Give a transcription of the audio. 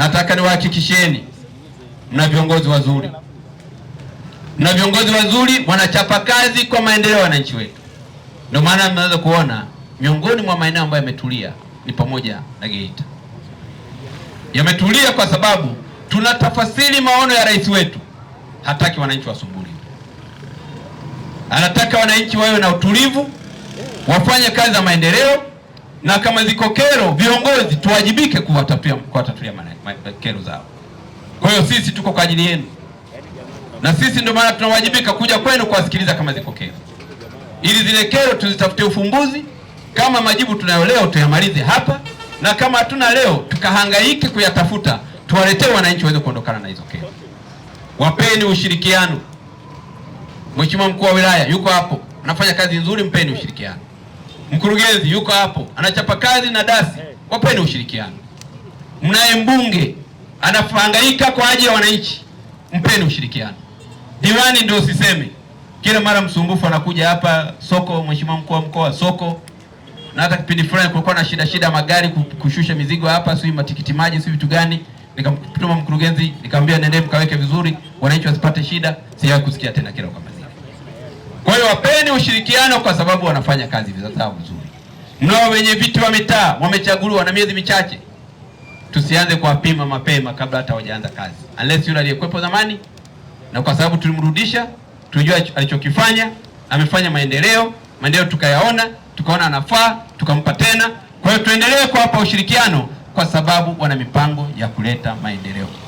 nataka niwahakikisheni mna viongozi wazuri, mna viongozi wazuri, wanachapa kazi kwa maendeleo ya wananchi wetu. Ndio maana mnaweza kuona miongoni mwa maeneo ambayo yametulia ni pamoja na Geita. Yametulia kwa sababu tunatafasiri maono ya rais wetu, hataki wananchi wasumbuliwe, anataka wananchi wawe na utulivu, wafanye kazi za maendeleo na kama ziko kero, viongozi tuwajibike kuwatatulia kuwatatulia kero zao. Kwa hiyo sisi tuko kwa ajili yenu, na sisi ndio maana tunawajibika kuja kwenu kuwasikiliza kama ziko kero, ili zile kero tuzitafute ufumbuzi. Kama majibu tunayo leo tuyamalize hapa, na kama hatuna leo tukahangaike kuyatafuta, tuwaletee wananchi waweze kuondokana na hizo kero. Wapeni ushirikiano. Mheshimiwa mkuu wa wilaya yuko hapo, anafanya kazi nzuri, mpeni ushirikiano mkurugenzi yuko hapo anachapa kazi na dasi, wapeni ushirikiano. Mnaye mbunge anahangaika kwa ajili ya wananchi, mpeni ushirikiano. Diwani ndio usiseme, kila mara msumbufu anakuja hapa soko. Mheshimiwa mkuu wa mkoa soko, na hata kipindi fulani kulikuwa na shida shida magari kushusha mizigo hapa, sio matikiti maji, sio vitu gani, nikamtuma mkurugenzi nikamwambia, nendeni mkaweke vizuri, wananchi wasipate shida. Sijawahi kusikia tena kila kwa hiyo wapeni ushirikiano kwa sababu wanafanya kazi zao vizuri. Mnao wenye viti wa mitaa wamechaguliwa na miezi michache, tusianze kuwapima mapema kabla hata hawajaanza kazi, unless yule aliyekuwepo zamani, na kwa sababu tulimrudisha, tulijua alichokifanya, amefanya maendeleo, maendeleo tukayaona, tukaona anafaa, tukampa tena. Kwa hiyo tuendelee kuwapa ushirikiano kwa sababu wana mipango ya kuleta maendeleo.